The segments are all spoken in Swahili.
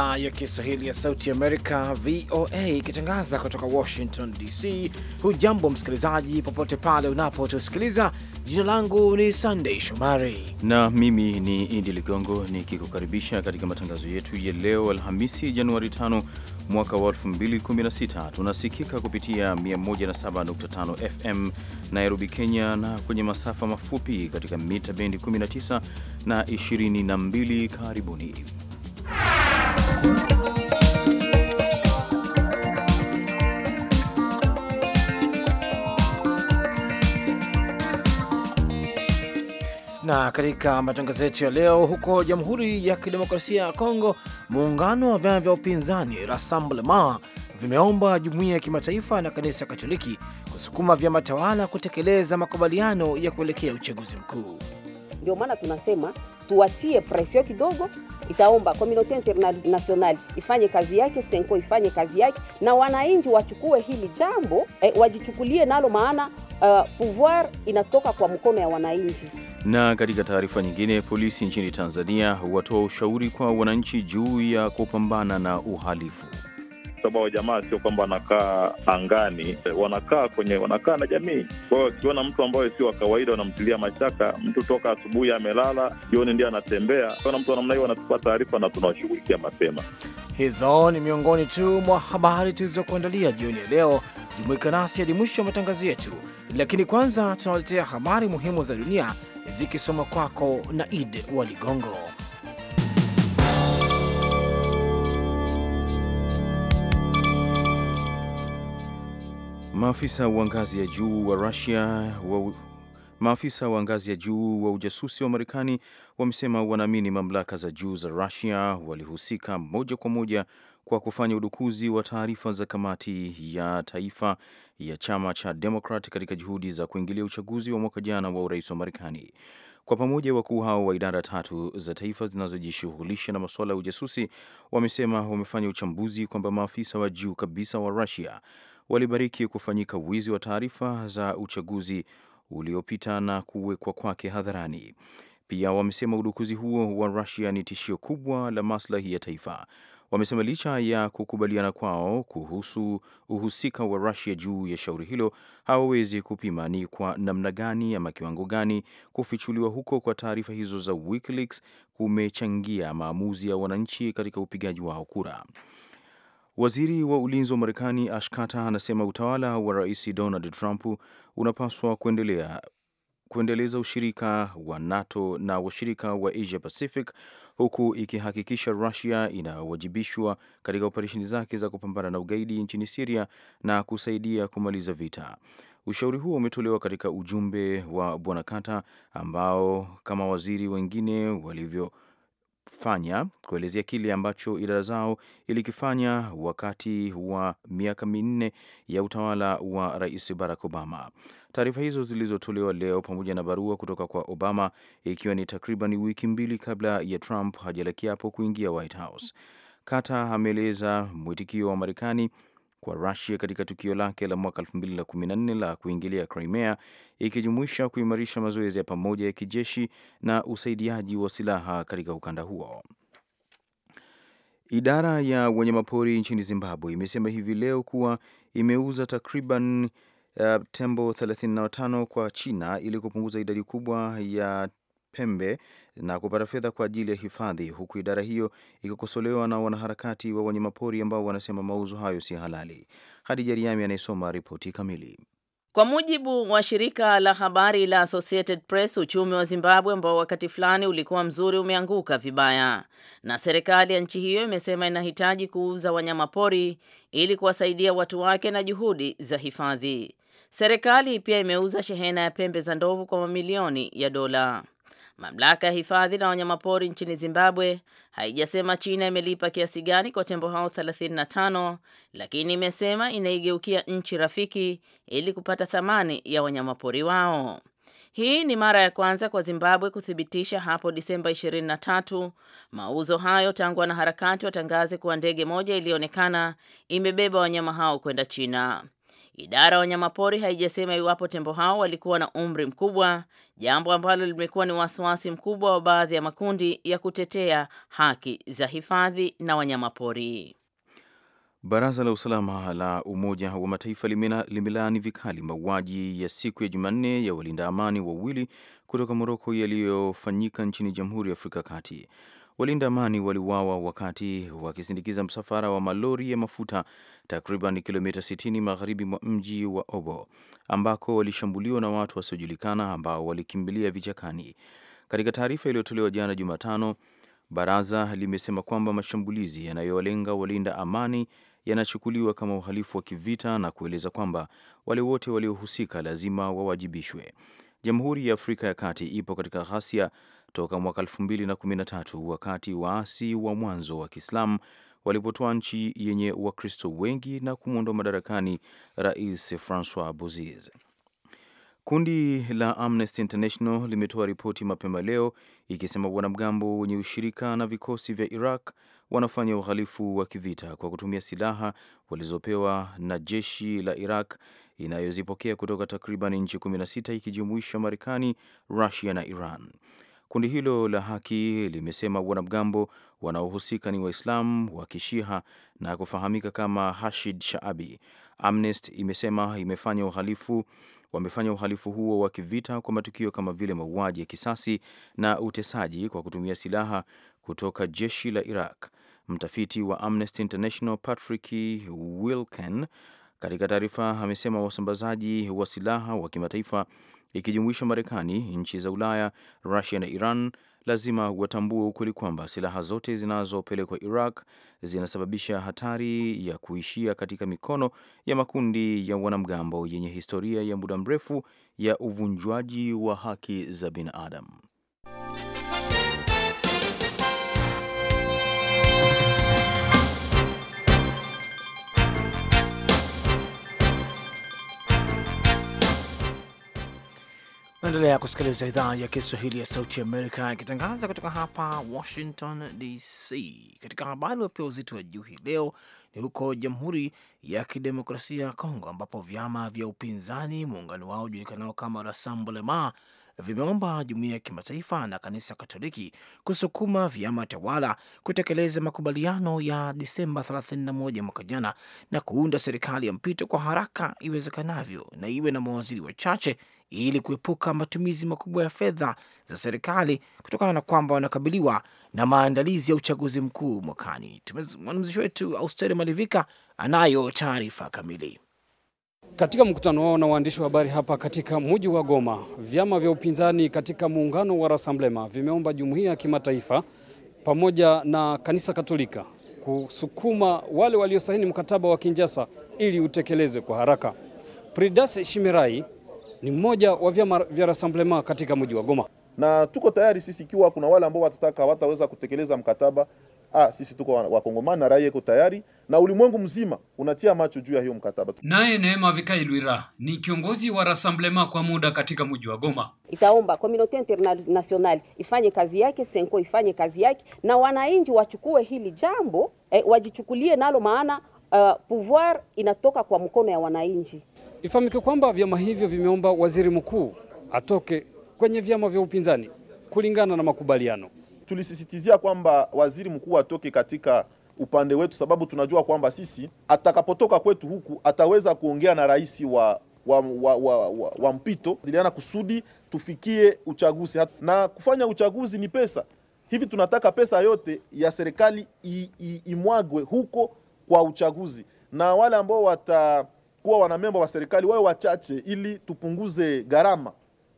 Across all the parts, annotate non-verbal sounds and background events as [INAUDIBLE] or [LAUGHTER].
idhaa ya Kiswahili ya Sauti Amerika, VOA, ikitangaza kutoka Washington DC. Hujambo msikilizaji, popote pale unapotusikiliza. Jina langu ni Sandei Shomari na mimi ni indi Ligongo nikikukaribisha katika matangazo yetu ya leo Alhamisi, Januari 5 mwaka wa 2016. Tunasikika kupitia 107.5 FM Nairobi, Kenya, na kwenye masafa mafupi katika mita bendi 19 na 22. Karibuni. Na katika matangazo yetu ya leo, huko Jamhuri ya Kidemokrasia ya Kongo, muungano wa vyama vya upinzani Rassemblement vimeomba jumuiya ya kimataifa na kanisa Katoliki kusukuma vyama tawala kutekeleza makubaliano ya kuelekea uchaguzi mkuu. Ndio maana tunasema tuwatie presio kidogo, itaomba komunote International ifanye kazi yake, Senko ifanye kazi yake, na wananchi wachukue hili jambo eh, wajichukulie nalo, maana uh, pouvoir inatoka kwa mkono ya wananchi. Na katika taarifa nyingine, polisi nchini Tanzania watoa ushauri kwa wananchi juu ya kupambana na uhalifu sababu jamaa sio kwamba wanakaa angani, wanakaa kwenye wanakaa na jamii. Kwa hiyo akiona mtu ambaye sio wa kawaida, wanamtilia mashaka. Mtu toka asubuhi amelala, jioni ndio anatembea. Kiona mtu wa namna hiyo, wanatupa taarifa na tunawashughulikia mapema. Hizo ni miongoni tu mwa habari tulizokuandalia jioni ya leo. Jumuika nasi hadi mwisho wa matangazo yetu, lakini kwanza tunawaletea habari muhimu za dunia zikisoma kwako na Id wa Ligongo. Maafisa wa ngazi ya juu wa Russia wa maafisa wa ngazi ya juu wa ujasusi wa Marekani wamesema wanaamini mamlaka za juu za Russia walihusika moja kwa moja kwa kufanya udukuzi wa taarifa za kamati ya taifa ya chama cha Democrat katika juhudi za kuingilia uchaguzi wa mwaka jana wa urais wa Marekani. Kwa pamoja wakuu hao wa idara tatu za taifa zinazojishughulisha na masuala ya ujasusi wamesema wamefanya uchambuzi kwamba maafisa wa juu kabisa wa Russia walibariki kufanyika wizi wa taarifa za uchaguzi uliopita na kuwekwa kwake hadharani. Pia wamesema udukuzi huo wa Rusia ni tishio kubwa la maslahi ya taifa. Wamesema licha ya kukubaliana kwao kuhusu uhusika wa Rusia juu ya shauri hilo, hawawezi kupima ni kwa namna gani ama kiwango gani kufichuliwa huko kwa taarifa hizo za WikiLeaks kumechangia maamuzi ya wananchi katika upigaji wao kura. Waziri wa ulinzi wa Marekani Ash Carter anasema utawala wa Rais Donald Trump unapaswa kuendelea kuendeleza ushirika wa NATO na washirika wa Asia Pacific huku ikihakikisha Rusia inawajibishwa katika operesheni zake za kupambana na ugaidi nchini Siria na kusaidia kumaliza vita. Ushauri huo umetolewa katika ujumbe wa Bwana Carter ambao kama waziri wengine walivyo fanya kuelezea kile ambacho idara zao ilikifanya wakati wa miaka minne ya utawala wa Rais Barack Obama. Taarifa hizo zilizotolewa leo pamoja na barua kutoka kwa Obama ikiwa ni takriban wiki mbili kabla ya Trump hajaelekea kiapo kuingia White House. ameeleza mwitikio wa Marekani kwa Rusia katika tukio lake la mwaka 2014 la kuingilia Crimea, ikijumuisha kuimarisha mazoezi ya pamoja ya kijeshi na usaidiaji wa silaha katika ukanda huo. Idara ya wanyamapori nchini Zimbabwe imesema hivi leo kuwa imeuza takriban uh, tembo 35 kwa China ili kupunguza idadi kubwa ya pembe na kupata fedha kwa ajili ya hifadhi, huku idara hiyo ikikosolewa na wanaharakati wa wanyamapori ambao wanasema mauzo hayo si halali. Hadija Riami anayesoma ripoti kamili. Kwa mujibu wa shirika la habari la Associated Press, uchumi wa Zimbabwe ambao wakati fulani ulikuwa mzuri umeanguka vibaya, na serikali ya nchi hiyo imesema inahitaji kuuza wanyama pori ili kuwasaidia watu wake na juhudi za hifadhi. Serikali pia imeuza shehena ya pembe za ndovu kwa mamilioni ya dola. Mamlaka ya hifadhi na wanyamapori nchini Zimbabwe haijasema China imelipa kiasi gani kwa tembo hao 35, lakini imesema inaigeukia nchi rafiki ili kupata thamani ya wanyamapori wao. Hii ni mara ya kwanza kwa Zimbabwe kuthibitisha hapo Disemba 23 mauzo hayo tangu wanaharakati watangaze kuwa ndege moja iliyoonekana imebeba wanyama hao kwenda China. Idara ya wanyamapori haijasema iwapo tembo hao walikuwa na umri mkubwa, jambo ambalo limekuwa ni wasiwasi mkubwa wa baadhi ya makundi ya kutetea haki za hifadhi na wanyamapori. Baraza la usalama la Umoja wa Mataifa limelaani vikali mauaji ya siku ya Jumanne ya walinda amani wawili kutoka Moroko yaliyofanyika nchini Jamhuri ya Afrika ya Kati. Walinda amani waliuawa wakati wakisindikiza msafara wa malori ya mafuta takriban kilomita 60 magharibi mwa mji wa Obo, ambako walishambuliwa na watu wasiojulikana ambao walikimbilia vichakani. Katika taarifa iliyotolewa jana Jumatano, baraza limesema kwamba mashambulizi yanayowalenga walinda amani yanachukuliwa kama uhalifu wa kivita na kueleza kwamba wale wote waliohusika lazima wawajibishwe. Jamhuri ya Afrika ya Kati ipo katika ghasia toka mwaka 2013 wakati waasi wa mwanzo wa Kiislamu walipotoa nchi yenye Wakristo wengi na kumwondoa madarakani Rais Francois Bozize. Kundi la Amnesty International limetoa ripoti mapema leo ikisema wanamgambo wenye ushirika na vikosi vya Iraq wanafanya uhalifu wa kivita kwa kutumia silaha walizopewa na jeshi la Iraq inayozipokea kutoka takriban nchi 16 ikijumuisha Marekani, Rusia na Iran. Kundi hilo la haki limesema wanamgambo wanaohusika ni Waislamu wa Kishiha na kufahamika kama Hashid Shaabi. Amnesty imesema imefanya uhalifu wamefanya uhalifu huo wa kivita kwa matukio kama vile mauaji ya kisasi na utesaji kwa kutumia silaha kutoka jeshi la Iraq. Mtafiti wa Amnesty International Patrick Wilken katika taarifa amesema wasambazaji wa silaha wa kimataifa likijumuisha Marekani, nchi za Ulaya, Rusia na Iran lazima watambue ukweli kwamba silaha zote zinazopelekwa Iraq zinasababisha hatari ya kuishia katika mikono ya makundi ya wanamgambo yenye historia ya muda mrefu ya uvunjwaji wa haki za binadamu. Naendelea kusikiliza idhaa ya Kiswahili ya Sauti Amerika ikitangaza kutoka hapa Washington DC. Katika habari wapewa uzito wa juu hii leo ni huko Jamhuri ya Kidemokrasia ya Kongo, ambapo vyama vya upinzani muungano wao ujulikanao kama Rassemblement vimeomba jumuiya ya kimataifa na kanisa Katoliki kusukuma vyama tawala kutekeleza makubaliano ya Disemba 31 mwaka jana na kuunda serikali ya mpito kwa haraka iwezekanavyo na iwe na mawaziri wachache ili kuepuka matumizi makubwa ya fedha za serikali kutokana na kwamba wanakabiliwa na maandalizi ya uchaguzi mkuu mwakani. Mwanamzishi wetu Austeri Malivika anayo taarifa kamili. Katika mkutano wao na waandishi wa habari hapa katika mji wa Goma, vyama vya upinzani katika muungano wa Rasamblema vimeomba jumuiya ya kimataifa pamoja na kanisa Katolika kusukuma wale waliosaini mkataba wa Kinjasa ili utekeleze kwa haraka. Pridas Shimirai ni mmoja wa vyama vya Rasamblema katika mji wa Goma. Na tuko tayari sisi, ikiwa kuna wale ambao watataka wataweza kutekeleza mkataba ah, sisi tuko wakongomani na raia iko tayari na ulimwengu mzima unatia macho juu ya hiyo mkataba. Naye Neema Vikailwira ni kiongozi wa Rassemblement kwa muda katika mji wa Goma. Itaomba komunote international ifanye kazi yake, Senko ifanye kazi yake, na wananchi wachukue hili jambo eh, wajichukulie nalo, maana uh, pouvoir inatoka kwa mkono ya wananchi. Ifahamike kwamba vyama hivyo vimeomba waziri mkuu atoke kwenye vyama vya upinzani kulingana na makubaliano tulisisitizia kwamba waziri mkuu atoke katika upande wetu, sababu tunajua kwamba sisi atakapotoka kwetu huku ataweza kuongea na rais wa wa, wa, wa, wa, wa mpito diliana kusudi tufikie uchaguzi na kufanya uchaguzi ni pesa. Hivi tunataka pesa yote ya serikali imwagwe huko kwa uchaguzi, na wale ambao watakuwa wanamemba wa serikali wawe wachache, ili tupunguze gharama,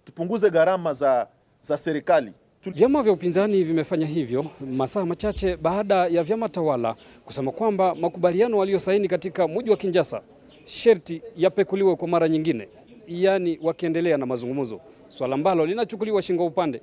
tupunguze gharama za, za serikali. Vyama vya upinzani vimefanya hivyo masaa machache baada ya vyama tawala kusema kwamba makubaliano waliosaini katika mji wa Kinshasa sherti yapekuliwe kwa mara nyingine, yaani wakiendelea na mazungumzo, swala ambalo linachukuliwa shingo upande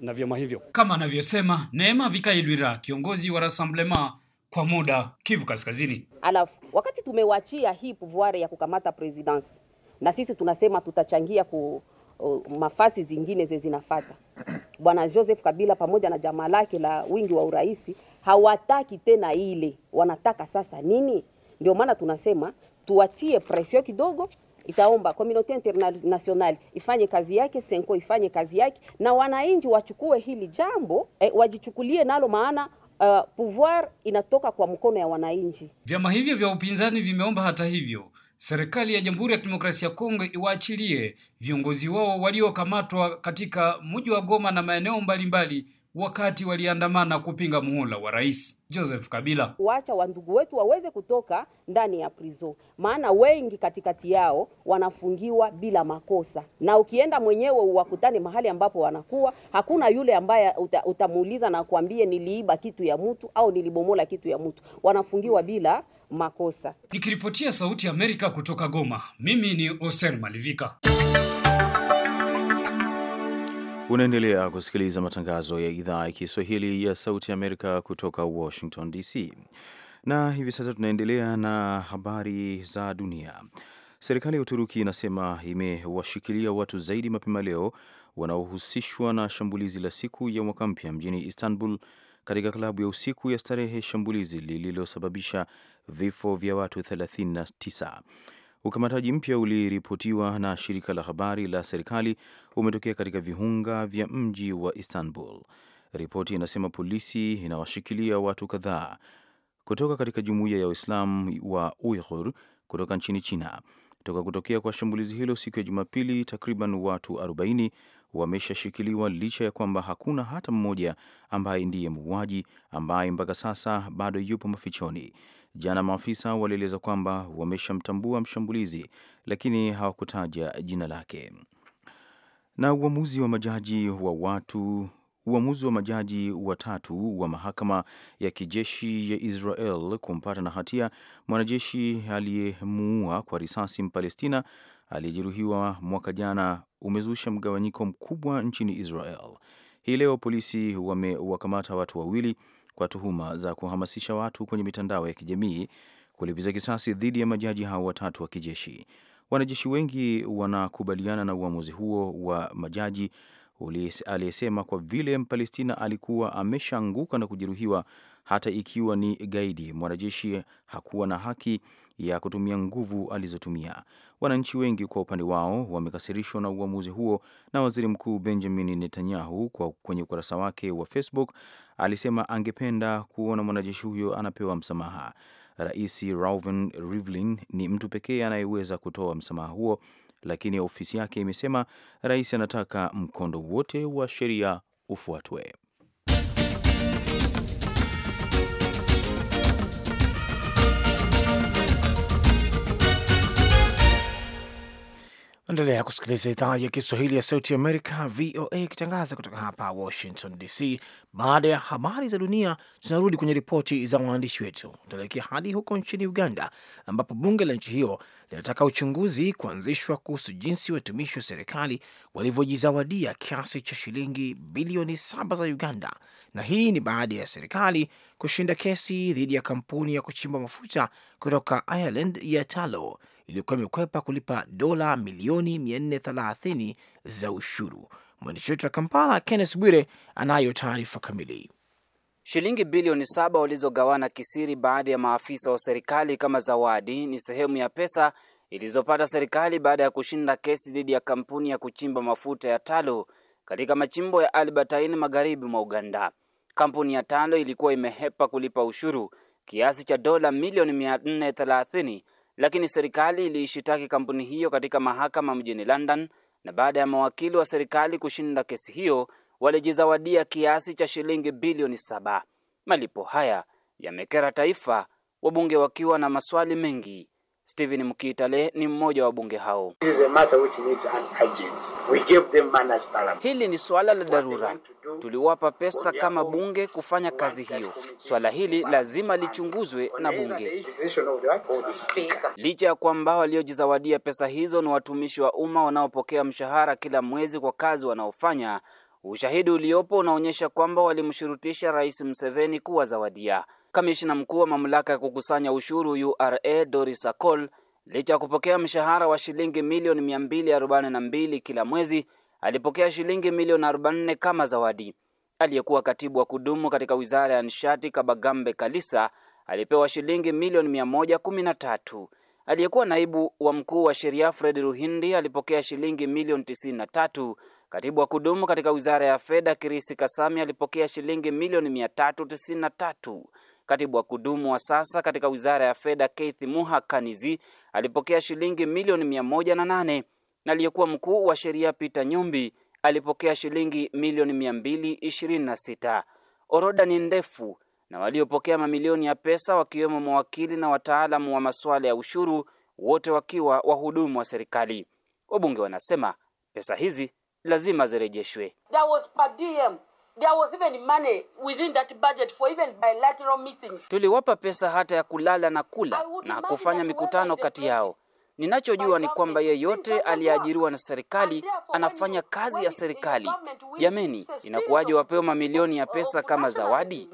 na vyama hivyo, kama anavyosema Neema Vikailwira, kiongozi wa Rassemblement kwa muda Kivu Kaskazini. Alafu wakati tumewachia hii pouvoir ya kukamata presidency, na sisi tunasema tutachangia ku Uh, mafasi zingine ze zinafata. [CLEARS THROAT] Bwana Joseph Kabila pamoja na jamaa lake la wingi wa urais hawataki tena ile, wanataka sasa nini? Ndio maana tunasema tuwatie presio kidogo, itaomba community international ifanye kazi yake, Senko ifanye kazi yake, na wananchi wachukue hili jambo eh, wajichukulie nalo maana uh, pouvoir inatoka kwa mkono ya wananchi. Vyama hivyo vya upinzani vimeomba hata hivyo serikali ya Jamhuri ya Kidemokrasia ya Kongo iwaachilie viongozi wao waliokamatwa katika mji wa Goma na maeneo mbalimbali wakati waliandamana kupinga muhula wa Rais Joseph Kabila. Wacha wandugu wetu waweze kutoka ndani ya prison, maana wengi katikati yao wanafungiwa bila makosa, na ukienda mwenyewe uwakutane mahali ambapo wanakuwa, hakuna yule ambaye uta, utamuuliza na kuambie niliiba kitu ya mtu au nilibomola kitu ya mtu. Wanafungiwa bila makosa. Nikiripotia Sauti ya Amerika kutoka Goma, mimi ni Oser Malivika. Unaendelea kusikiliza matangazo ya idhaa ya Kiswahili ya Sauti ya Amerika kutoka Washington DC, na hivi sasa tunaendelea na habari za dunia. Serikali ya Uturuki inasema imewashikilia watu zaidi mapema leo wanaohusishwa na shambulizi la siku ya mwaka mpya mjini Istanbul katika klabu ya usiku ya Starehe, shambulizi lililosababisha vifo vya watu 39. Ukamataji mpya uliripotiwa na shirika la habari la serikali umetokea katika viunga vya mji wa Istanbul. Ripoti inasema polisi inawashikilia watu kadhaa kutoka katika jumuiya ya Waislamu wa Uighur kutoka nchini China. Toka kutokea kwa shambulizi hilo siku ya Jumapili, takriban watu wameshashikiliwa licha ya kwamba hakuna hata mmoja ambaye ndiye muuaji ambaye mpaka sasa bado yupo mafichoni. Jana maafisa walieleza kwamba wameshamtambua mshambulizi, lakini hawakutaja jina lake. Na uamuzi wa majaji wa watu uamuzi wa majaji watatu wa mahakama ya kijeshi ya Israel kumpata na hatia mwanajeshi aliyemuua kwa risasi Mpalestina aliyejeruhiwa mwaka jana umezusha mgawanyiko mkubwa nchini Israel. Hii leo polisi wamewakamata watu wawili kwa tuhuma za kuhamasisha watu kwenye mitandao ya kijamii kulipiza kisasi dhidi ya majaji hao watatu wa kijeshi. Wanajeshi wengi wanakubaliana na uamuzi huo wa majaji aliyesema kwa vile Mpalestina alikuwa ameshaanguka na kujeruhiwa, hata ikiwa ni gaidi, mwanajeshi hakuwa na haki ya kutumia nguvu alizotumia. Wananchi wengi kwa upande wao wamekasirishwa na uamuzi huo, na waziri mkuu Benjamin Netanyahu kwa kwenye ukurasa wake wa Facebook alisema angependa kuona mwanajeshi huyo anapewa msamaha. Rais Reuven Rivlin ni mtu pekee anayeweza kutoa msamaha huo, lakini ofisi yake imesema rais anataka mkondo wote wa sheria ufuatwe. Endelea kusikiliza idhaa ya Kiswahili ya Sauti Amerika, VOA, ikitangaza kutoka hapa Washington DC. Baada ya habari za dunia, tunarudi kwenye ripoti za waandishi wetu. Tunaelekea hadi huko nchini Uganda, ambapo bunge la nchi hiyo linataka uchunguzi kuanzishwa kuhusu jinsi watumishi wa serikali walivyojizawadia kiasi cha shilingi bilioni saba za Uganda, na hii ni baada ya serikali kushinda kesi dhidi ya kampuni ya kuchimba mafuta kutoka Ireland ya Talo iliyokuwa imekwepa kulipa dola milioni 430 za ushuru. Mwandishi wetu wa Kampala, Kenneth Bwire, anayo taarifa kamili. Shilingi bilioni saba walizogawana kisiri baadhi ya maafisa wa serikali kama zawadi ni sehemu ya pesa ilizopata serikali baada ya kushinda kesi dhidi ya kampuni ya kuchimba mafuta ya talo katika machimbo ya Albertine magharibi mwa Uganda. Kampuni ya talo ilikuwa imehepa kulipa ushuru kiasi cha dola milioni 430 lakini serikali iliishitaki kampuni hiyo katika mahakama mjini London, na baada ya mawakili wa serikali kushinda kesi hiyo walijizawadia kiasi cha shilingi bilioni saba. Malipo haya yamekera taifa, wabunge wakiwa na maswali mengi. Stephen Mkitale ni mmoja wa bunge hao. Hili ni suala la dharura, tuliwapa pesa kama bunge kufanya kazi hiyo. Swala hili lazima lichunguzwe na bunge. Licha ya kwamba waliojizawadia pesa hizo ni watumishi wa umma wanaopokea mshahara kila mwezi kwa kazi wanaofanya, ushahidi uliopo unaonyesha kwamba walimshurutisha Rais Museveni kuwazawadia kamishina mkuu wa mamlaka ya kukusanya ushuru URA Doris Akol, licha ya kupokea mshahara wa shilingi milioni 242 kila mwezi, alipokea shilingi milioni 44 kama zawadi. Aliyekuwa katibu wa kudumu katika wizara ya nishati Kabagambe Kalisa alipewa shilingi milioni 113. Aliyekuwa naibu wa mkuu wa sheria Fred Ruhindi alipokea shilingi milioni 93. Katibu wa kudumu katika wizara ya fedha Kirisi Kasami alipokea shilingi milioni 393. Katibu wa kudumu wa sasa katika wizara ya fedha Keith Muhakanizi alipokea shilingi milioni mia na nane na aliyekuwa mkuu wa sheria Peter Nyumbi alipokea shilingi milioni 226 sita. Orodha ni ndefu na waliopokea mamilioni ya pesa wakiwemo mawakili na wataalamu wa masuala ya ushuru, wote wakiwa wahudumu wa serikali. Wabunge wanasema pesa hizi lazima zirejeshwe. There was per diem. There was even money within that budget for even bilateral meetings. Tuliwapa pesa hata ya kulala na kula na kufanya mikutano kati yao. Ninachojua ni kwamba yeyote aliyeajiriwa na serikali anafanya kazi ya serikali. Jameni, inakuwaje wapewa mamilioni ya pesa kama zawadi?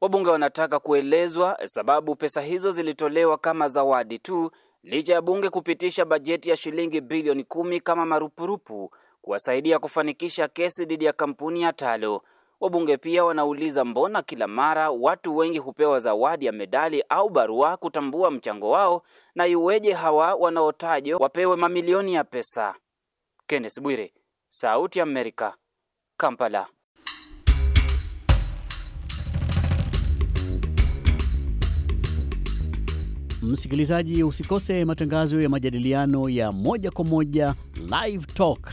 Wabunge wanataka kuelezwa eh, sababu pesa hizo zilitolewa kama zawadi tu, licha ya bunge kupitisha bajeti ya shilingi bilioni kumi kama marupurupu kuwasaidia kufanikisha kesi dhidi ya kampuni ya Talo. Wabunge pia wanauliza mbona kila mara watu wengi hupewa zawadi ya medali au barua kutambua mchango wao, na iweje hawa wanaotajwa wapewe mamilioni ya pesa? Kenneth Bwire, Sauti ya Amerika, Kampala. Msikilizaji, usikose matangazo ya majadiliano ya moja kwa moja Live Talk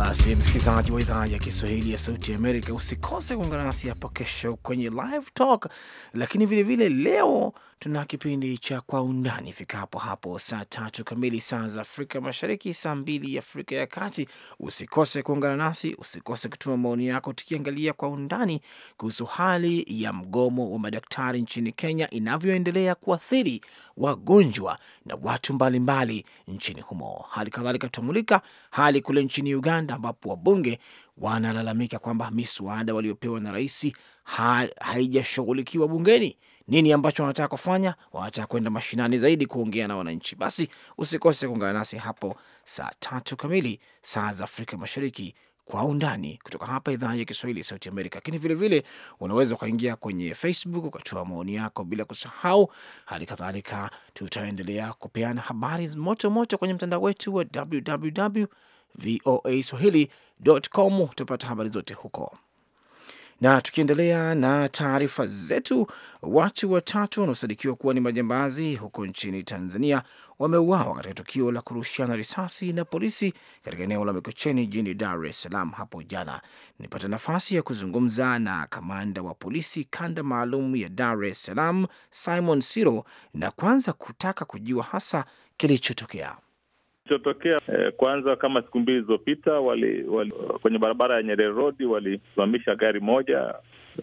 Basi msikilizaji wa idhaa ya Kiswahili ya Sauti ya Amerika, usikose kuungana nasi hapo kesho kwenye Live Talk, lakini vilevile vile leo tuna kipindi cha Kwa Undani ifikapo hapo saa tatu kamili saa za Afrika Mashariki, saa mbili Afrika ya Kati. Usikose kuungana nasi, usikose kutuma maoni yako, tukiangalia kwa undani kuhusu hali ya mgomo wa madaktari nchini Kenya inavyoendelea kuathiri wagonjwa na watu mbalimbali mbali nchini humo. Hali kadhalika tutamulika hali kule nchini Uganda ambapo wabunge wanalalamika kwamba miswada waliopewa na rais haijashughulikiwa bungeni nini ambacho wanataka kufanya. Wanataka kwenda mashinani zaidi kuongea na wananchi. Basi usikose kuungana nasi hapo saa tatu kamili saa za Afrika Mashariki kwa undani kutoka hapa idhaa ya Kiswahili ya Sauti Amerika. Lakini vilevile unaweza ukaingia kwenye Facebook ukatoa maoni yako, bila kusahau. Hali kadhalika tutaendelea kupeana habari moto moto kwenye mtandao wetu wa www voa swahili com. Utapata habari zote huko. Na tukiendelea na taarifa zetu, watu watatu wanaosadikiwa kuwa ni majambazi huko nchini Tanzania wameuawa katika tukio la kurushiana risasi na polisi katika eneo la Mikocheni jijini Dar es Salaam hapo jana. Nilipata nafasi ya kuzungumza na kamanda wa polisi kanda maalum ya Dar es Salaam Simon Siro, na kwanza kutaka kujua hasa kilichotokea. Kilichotokea eh, kwanza kama siku mbili zilizopita wali, wali, kwenye barabara ya Nyerere Road walisimamisha gari moja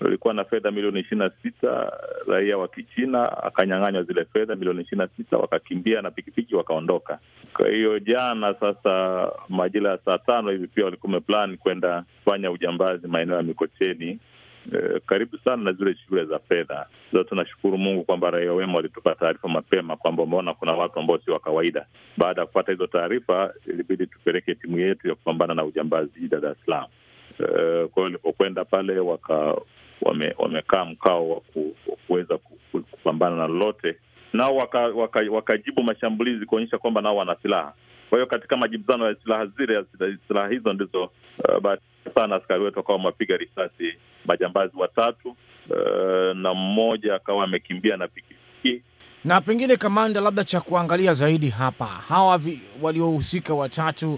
lilikuwa na fedha milioni ishirini na sita. Raia wa Kichina akanyang'anywa zile fedha milioni ishirini na sita, wakakimbia na pikipiki wakaondoka. Kwa hiyo jana sasa majira ya saa tano hivi pia walikuwa wameplan kwenda kufanya ujambazi maeneo ya Mikocheni Eh, karibu sana na zile shule za fedha. Sasa tunashukuru Mungu kwamba raia wema walitupa taarifa mapema kwamba umeona kuna watu ambao si wa kawaida. Baada ya kupata hizo taarifa, ilibidi tupeleke timu yetu ya kupambana na ujambazi jijini Dar es Salaam. Eh, kwa hiyo walipokwenda pale waka wamekaa wame mkao wa kuweza kupambana na lolote, nao wakajibu waka, waka mashambulizi kuonyesha kwamba nao wana silaha. Kwa hiyo katika majibizano ya silaha zile, silaha hizo ndizo uh, sana askari wetu wakawa wamepiga risasi majambazi watatu, uh, na mmoja akawa amekimbia na pikipiki. Na pengine kamanda, labda cha kuangalia zaidi hapa, hawa waliohusika watatu,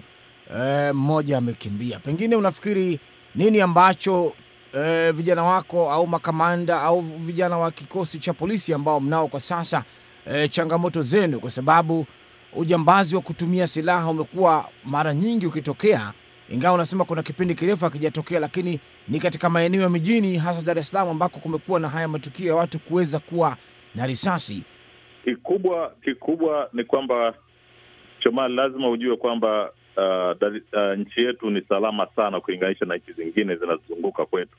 uh, mmoja amekimbia, pengine unafikiri nini ambacho eh, vijana wako au makamanda au vijana wa kikosi cha polisi ambao mnao kwa sasa, eh, changamoto zenu, kwa sababu ujambazi wa kutumia silaha umekuwa mara nyingi ukitokea ingawa unasema kuna kipindi kirefu hakijatokea, lakini ni katika maeneo ya mijini, hasa Dar es Salaam ambako kumekuwa na haya matukio ya watu kuweza kuwa na risasi. Kikubwa kikubwa ni kwamba chomali lazima ujue kwamba uh, uh, nchi yetu ni salama sana kulinganisha na nchi zingine zinazozunguka kwetu.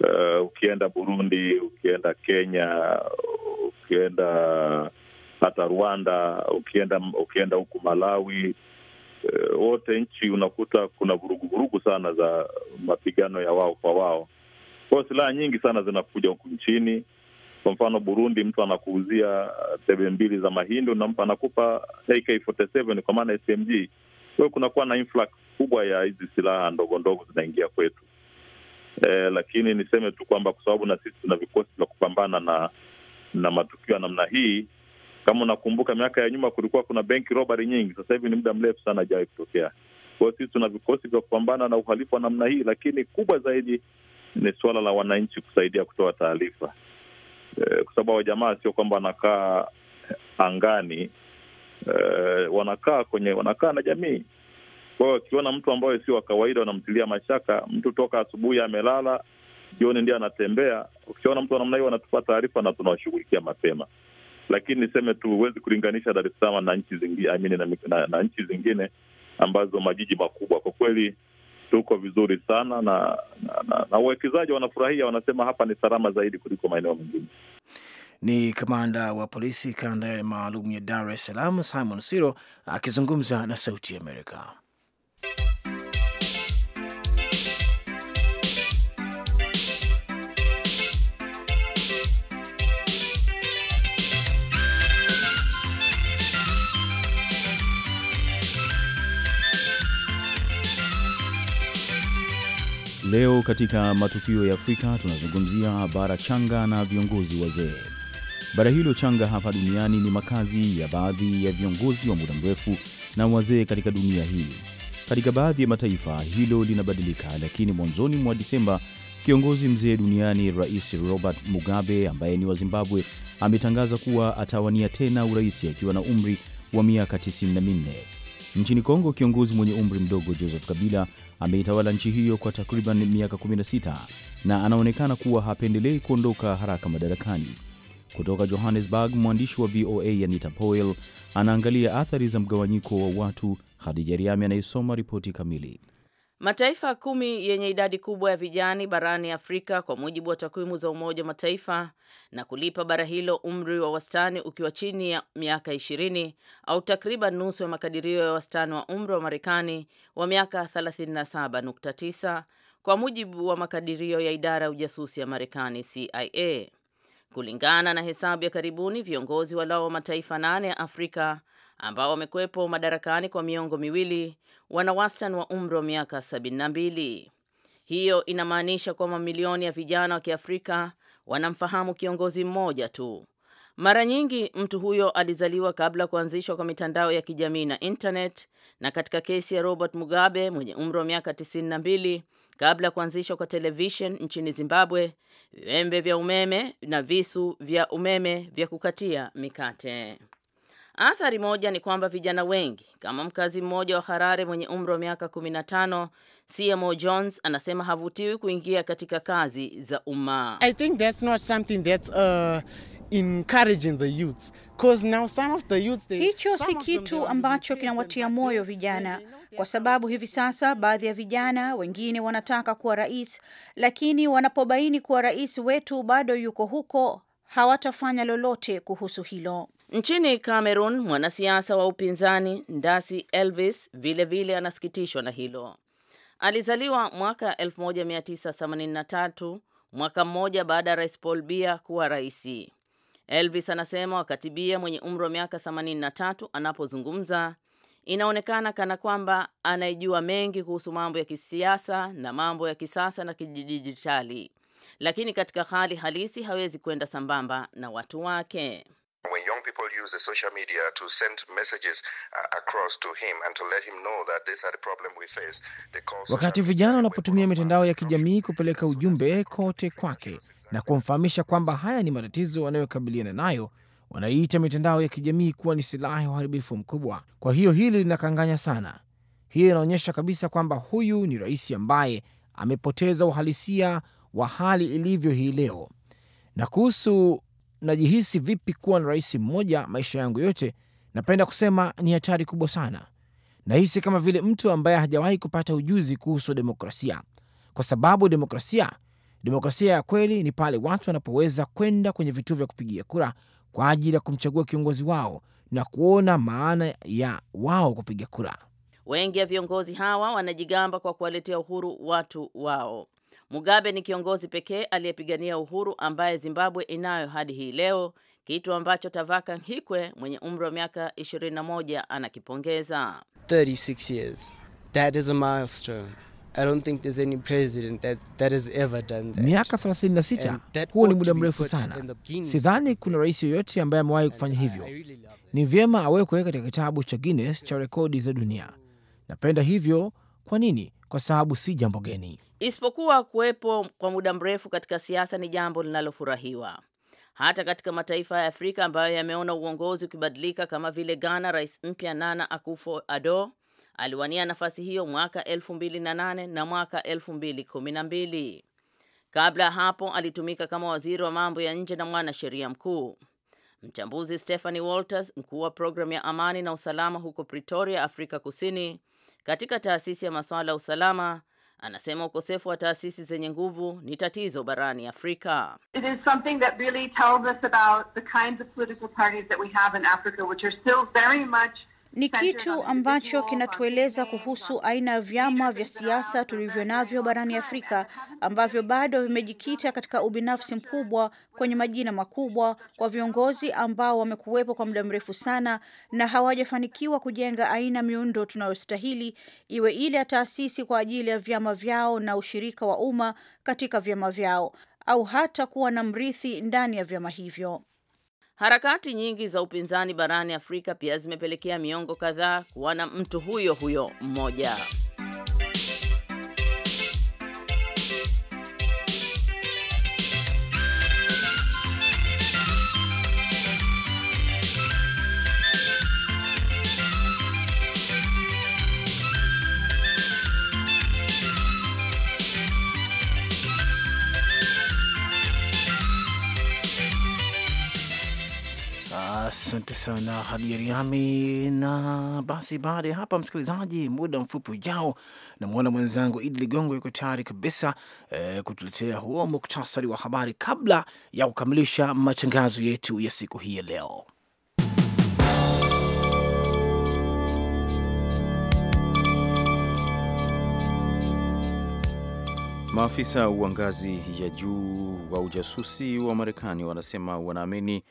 Uh, ukienda Burundi, ukienda Kenya, ukienda hata Rwanda, ukienda ukienda huku Malawi Eh, wote nchi, unakuta kuna vuruguvurugu sana za mapigano ya wao kwa wao. kwao silaha nyingi sana zinakuja huku nchini. Kwa mfano Burundi, mtu anakuuzia uh, tebe mbili za mahindi, unampa anakupa AK47 kwa maana SMG. Kwa kunakuwa na influx kubwa ya hizi silaha ndogo ndogo zinaingia kwetu. E, lakini niseme tu kwamba kwa sababu na sisi tuna vikosi vya kupambana na na matukio ya namna hii kama unakumbuka miaka ya nyuma, kulikuwa kuna bank robbery nyingi, sasa hivi ni muda mrefu sana hajawahi kutokea. Kwa hiyo sisi tuna vikosi vya kupambana na uhalifu wa namna hii, lakini kubwa zaidi ni suala la wananchi kusaidia kutoa taarifa e, kwa sababu hao jamaa sio kwamba wanakaa angani e, wanakaa kwenye wanakaa na jamii. Kwa hiyo akiona mtu ambaye sio wa kawaida, wanamtilia mashaka. Mtu toka asubuhi amelala, jioni ndio anatembea. Ukiona mtu wa namna hiyo, wanatupa taarifa na tunawashughulikia mapema lakini niseme tu huwezi kulinganisha Dar es Salaam na nchi zingine, mean, na, na, na nchi zingine ambazo majiji makubwa. Kwa kweli tuko vizuri sana na na wawekezaji wanafurahia, wanasema hapa ni salama zaidi kuliko maeneo mengine. Ni kamanda wa polisi kanda maalum ya Dar es Salaam Simon Siro akizungumza na Sauti ya Amerika. Leo katika matukio ya Afrika tunazungumzia bara changa na viongozi wazee. Bara hilo changa hapa duniani ni makazi ya baadhi ya viongozi wa muda mrefu na wazee katika dunia hii. Katika baadhi ya mataifa hilo linabadilika, lakini mwanzoni mwa Disemba kiongozi mzee duniani Rais Robert Mugabe ambaye ni wa Zimbabwe ametangaza kuwa atawania tena urais akiwa na umri wa miaka 94. Nchini Kongo, kiongozi mwenye umri mdogo Joseph Kabila ameitawala nchi hiyo kwa takriban miaka 16 na anaonekana kuwa hapendelei kuondoka haraka madarakani. Kutoka Johannesburg, mwandishi wa VOA Anita Powell anaangalia athari za mgawanyiko wa watu. hadija Riami anayesoma ripoti kamili. Mataifa kumi yenye idadi kubwa ya vijana barani Afrika kwa mujibu wa takwimu za Umoja wa Mataifa na kulipa bara hilo umri wa wastani ukiwa chini ya miaka ishirini au takriban nusu ya makadirio ya wastani wa umri wa Marekani wa miaka 37.9 kwa mujibu wa makadirio ya idara ya ujasusi ya Marekani CIA. Kulingana na hesabu ya karibuni, viongozi walao wa mataifa nane ya Afrika ambao wamekuwepo madarakani kwa miongo miwili wana wastani wa umri wa miaka 72. Hiyo inamaanisha kwa mamilioni ya vijana wa Kiafrika wanamfahamu kiongozi mmoja tu. Mara nyingi mtu huyo alizaliwa kabla ya kuanzishwa kwa mitandao ya kijamii na internet, na katika kesi ya Robert Mugabe mwenye umri wa miaka 92, kabla ya kuanzishwa kwa television nchini Zimbabwe, viwembe vya umeme na visu vya umeme vya kukatia mikate. Athari moja ni kwamba vijana wengi, kama mkazi mmoja wa Harare mwenye umri wa miaka 15, CMO Jones anasema havutiwi kuingia katika kazi za umma. I think that's not something that's uh, encouraging the youth because now some of the youth they, hicho si kitu ambacho kinawatia moyo vijana kwa sababu hivi sasa baadhi ya vijana wengine wanataka kuwa rais, lakini wanapobaini kuwa rais wetu bado yuko huko hawatafanya lolote kuhusu hilo. Nchini Cameroon, mwanasiasa wa upinzani Ndasi Elvis vilevile vile anasikitishwa na hilo. Alizaliwa mwaka 1983 mwaka mmoja baada ya Rais Paul Biya kuwa raisi. Elvis anasema wakati Biya mwenye umri wa miaka 83 anapozungumza inaonekana kana kwamba anayejua mengi kuhusu mambo ya kisiasa na mambo ya kisasa na kidijitali, lakini katika hali halisi hawezi kwenda sambamba na watu wake people use the social media to send messages uh, across to him and to let him know that this is the problem we face. Wakati vijana wanapotumia mitandao ya kijamii kupeleka ujumbe kote kwake na kumfahamisha kwamba haya ni matatizo wanayokabiliana nayo, wanaiita mitandao ya kijamii kuwa ni silaha ya uharibifu mkubwa. Kwa hiyo hili linakanganya sana. Hiyo inaonyesha kabisa kwamba huyu ni rais ambaye amepoteza uhalisia wa hali ilivyo hii leo. Na kuhusu najihisi vipi kuwa na rais mmoja maisha yangu yote? Napenda kusema ni hatari kubwa sana. Nahisi kama vile mtu ambaye hajawahi kupata ujuzi kuhusu demokrasia, kwa sababu demokrasia, demokrasia ya kweli ni pale watu wanapoweza kwenda kwenye vituo vya kupigia kura kwa ajili ya kumchagua kiongozi wao na kuona maana ya wao kupiga kura. Wengi wa viongozi hawa wanajigamba kwa kuwaletea uhuru watu wao. Mugabe ni kiongozi pekee aliyepigania uhuru ambaye Zimbabwe inayo hadi hii leo, kitu ambacho tavaka nhikwe mwenye umri wa miaka 21 anakipongeza. 36 years. That is a milestone. I don't think there's any president that, that has ever done that. Miaka 36, huo ni muda mrefu sana. Sidhani kuna rais yoyote ambaye amewahi kufanya hivyo. ni vyema awekwe katika kitabu cha Guinness cha rekodi za dunia. Napenda hivyo. Kwa nini? Kwa sababu si jambo geni. Isipokuwa kuwepo kwa muda mrefu katika siasa ni jambo linalofurahiwa hata katika mataifa ya Afrika ambayo yameona uongozi ukibadilika kama vile Ghana. Rais mpya Nana Akufo-Addo aliwania nafasi hiyo mwaka 2008 na mwaka 2012. Kabla ya hapo alitumika kama waziri wa mambo ya nje na mwanasheria mkuu. Mchambuzi Stephanie Walters, mkuu wa programu ya amani na usalama huko Pretoria, Afrika Kusini, katika taasisi ya masuala ya usalama anasema ukosefu wa taasisi zenye nguvu ni tatizo barani Afrika. It is something that really tells about the of we have in Africa much ni kitu ambacho kinatueleza kuhusu aina ya vyama vya siasa tulivyo navyo barani Afrika ambavyo bado vimejikita katika ubinafsi mkubwa kwenye majina makubwa kwa viongozi ambao wamekuwepo kwa muda mrefu sana na hawajafanikiwa kujenga aina miundo tunayostahili iwe ile ya taasisi kwa ajili ya vyama vyao na ushirika wa umma katika vyama vyao au hata kuwa na mrithi ndani ya vyama hivyo. Harakati nyingi za upinzani barani Afrika pia zimepelekea miongo kadhaa kuwa na mtu huyo huyo mmoja. Asante sana Hadija Riami. Na basi baada ya hapa, msikilizaji, muda mfupi ujao, namwona mwenzangu Idi Ligongo yuko tayari kabisa e, kutuletea huo muktasari wa habari kabla ya kukamilisha matangazo yetu ya siku hii ya leo. Maafisa wa ngazi ya juu wa ujasusi wa Marekani wanasema wanaamini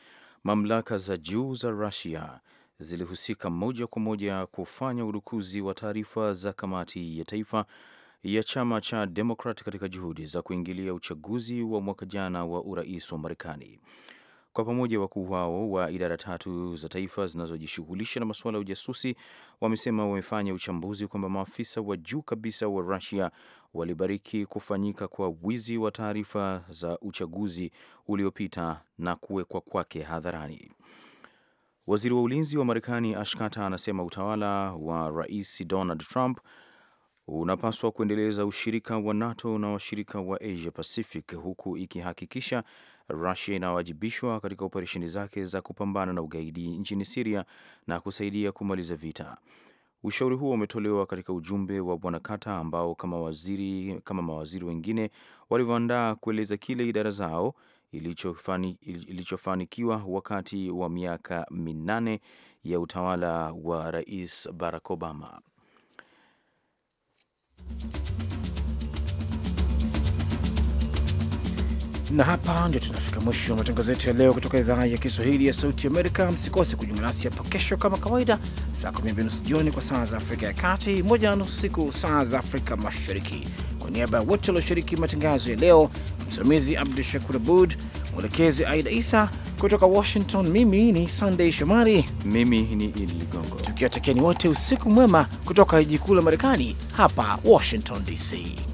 mamlaka za juu za rusia zilihusika moja kwa moja kufanya udukuzi wa taarifa za kamati ya taifa ya chama cha Demokrat katika juhudi za kuingilia uchaguzi wa mwaka jana wa urais wa Marekani. Kwa pamoja wakuu hao wa idara tatu za taifa zinazojishughulisha na masuala ya ujasusi wamesema wamefanya uchambuzi kwamba maafisa wa juu kabisa wa Rusia walibariki kufanyika kwa wizi wa taarifa za uchaguzi uliopita na kuwekwa kwake hadharani. Waziri wa ulinzi wa Marekani ashkata anasema utawala wa Rais Donald Trump unapaswa kuendeleza ushirika wa NATO na washirika wa Asia Pacific huku ikihakikisha Rusia inawajibishwa katika operesheni zake za kupambana na ugaidi nchini Siria na kusaidia kumaliza vita. Ushauri huo umetolewa katika ujumbe wa Bwana Kata ambao kama waziri, kama mawaziri wengine walivyoandaa kueleza kile idara zao ilichofanikiwa ilicho wakati wa miaka minane ya utawala wa Rais Barack Obama. na hapa ndio tunafika mwisho wa matangazo yetu ya leo kutoka idhaa ya Kiswahili ya Sauti Amerika. Msikose kujiunga nasi hapo kesho kama kawaida, saa kumi na nusu jioni kwa saa za Afrika ya Kati, moja na nusu siku saa za Afrika Mashariki. Kwa niaba ya wote walioshiriki matangazo ya leo, msimamizi Abdu Shakur Abud, mwelekezi Aida Isa kutoka Washington. Mimi ni Sandey Shomari, mimi ni Idi Ligongo, tukiwatakieni wote usiku mwema kutoka jiji kuu la Marekani, hapa Washington DC.